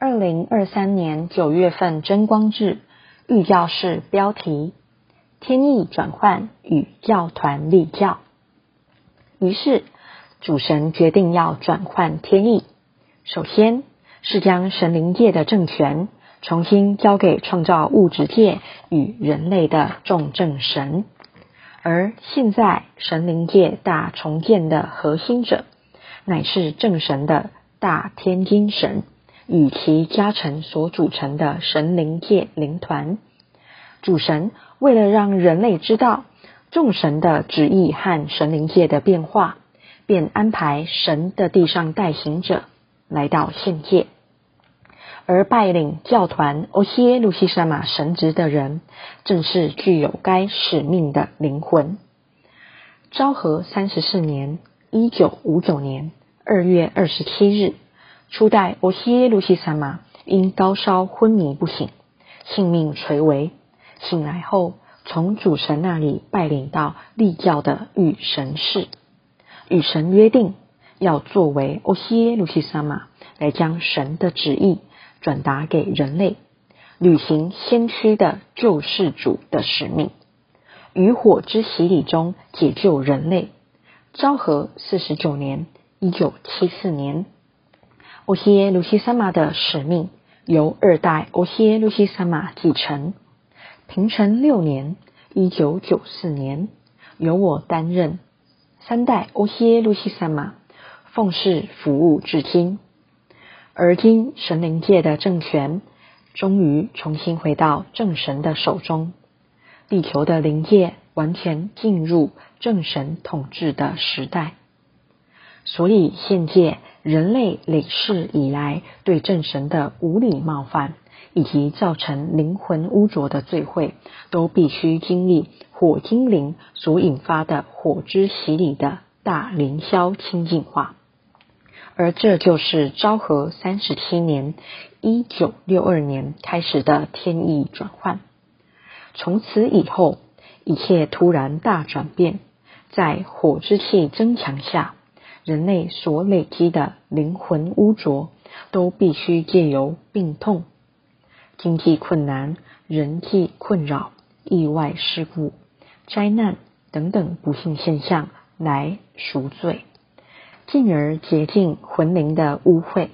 二零二三年九月份，真光誌御教示標題：天意轉換與教團立教。於是主神決定要轉換天意，首先是將神靈界的政權重新交給創造物質界與人類的眾正神。而現在神靈界大重建的核心者，乃是正神的大天津神。與其家臣所組成的神靈界靈團，主神為了讓人類知道眾神的旨意和神靈界的變化，便安排神的地上代行者來到現界，而拜領教團歐西耶路西沙馬神職的人，正是具有該使命的靈魂。昭和三十四年（一九五九年）二月二十七日。初代歐西耶路西薩瑪因高燒昏迷不醒，性命垂危。醒來後，從主神那裡拜領到立教的御神示，與神約定要作為歐西耶路西薩瑪來將神的旨意轉達給人類，履行先驅的救世主的使命。於火之洗禮中解救人類。昭和四十九年（一九七四年）。歐希耶魯西三馬的使命由二代歐希耶魯西三馬繼承。平成六年（一九九四年），由我擔任三代歐希耶魯西三馬奉侍服務至今。而今神靈界的政權終於重新回到正神的手中，地球的靈界完全進入正神統治的時代。所以，現界人類累世以來對正神的無禮冒犯，以及造成靈魂污濁的罪穢，都必須經歷火精靈所引發的火之洗禮的大靈消清淨化。而這就是昭和三十七年（一九六二年）開始的天意轉換。從此以後，一切突然大轉變，在火之氣增強下。人類所累積的靈魂污濁，都必須借由病痛、經濟困難、人際困擾、意外事故、災難等等不幸現象來贖罪，進而潔淨魂靈的污穢。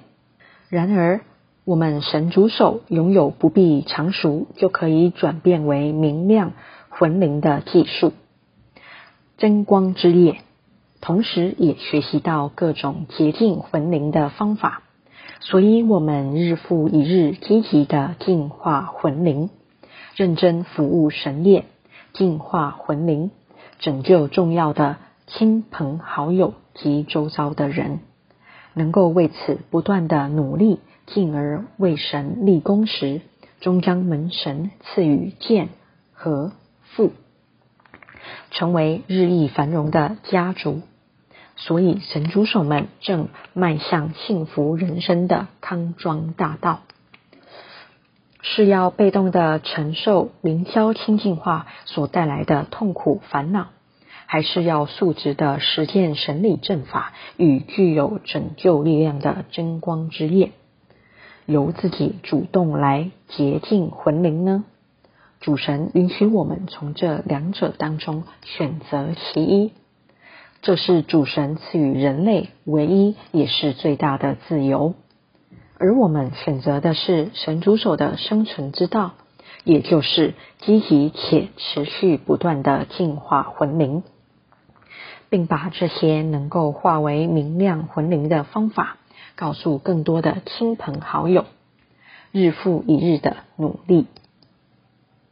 然而，我們神組手擁有不必償贖就可以轉變為明亮魂靈的技術——真光之業。同時也學習到各種潔淨魂靈的方法，所以我們日復一日積極的淨化魂靈，認真服務神業，淨化魂靈，拯救重要的親朋好友及周遭的人，能夠為此不斷的努力，進而為神立功時，終將門神賜予劍和富。成為日益繁榮的家族，所以神組手們正邁向幸福人生的康莊大道。是要被動的承受靈霄清淨化所帶來的痛苦煩惱，還是要素直的實踐神理正法與具有拯救力量的真光之業，由自己主動來潔淨魂靈呢？主神允許我們從這兩者當中選擇其一，這、就是主神賜予人類唯一也是最大的自由。而我們選擇的是神組手的生存之道，也就是積極且持續不斷的淨化魂靈，並把這些能夠化為明亮魂靈的方法告訴更多的親朋好友，日復一日的努力。